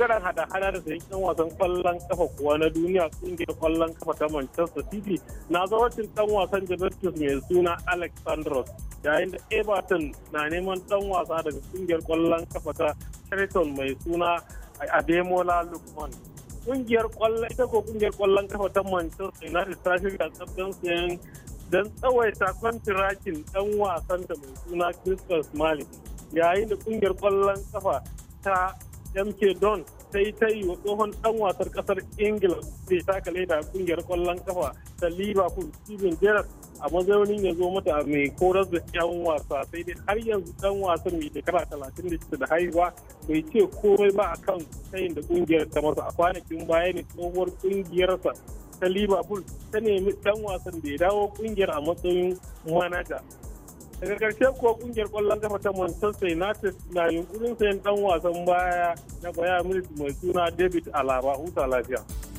bangaren hada-hada da sayan dan wasan kwallon kafa kuwa na duniya kungiyar kwallon kafa ta Manchester City na zawacin dan wasan Juventus mai suna Alexandros yayin da Everton na neman dan wasa daga kungiyar kwallon kafa ta Sheraton mai suna Ademola Lukman. Kungiyar kwallon ita ko kungiyar kwallon kafa ta Manchester United ta shirya tsabtan sayan don tsawaita kwantirakin dan wasan da mai suna Christmas Malik yayin da kungiyar kwallon kafa ta mk don sai ta yi wa tsohon dan wasar kasar ingila da ya taka leda kungiyar kwallon kafa ta liverpool steven gerrard a mazaunin ya zo mata mai korar da yan wasa sai dai har yanzu dan wasan mai shekara talatin da shida da haihuwa bai ce komai ba kan tayin da kungiyar ta masa a kwanakin baya ne tsohuwar kungiyarsa ta liverpool ta nemi dan wasan da ya dawo kungiyar a matsayin manaja daga karshe kuwa kungiyar kwallon kafa ta manchester united na yunkurin sayan dan wasan baya na bayan mai suna david alaba hutu lafiya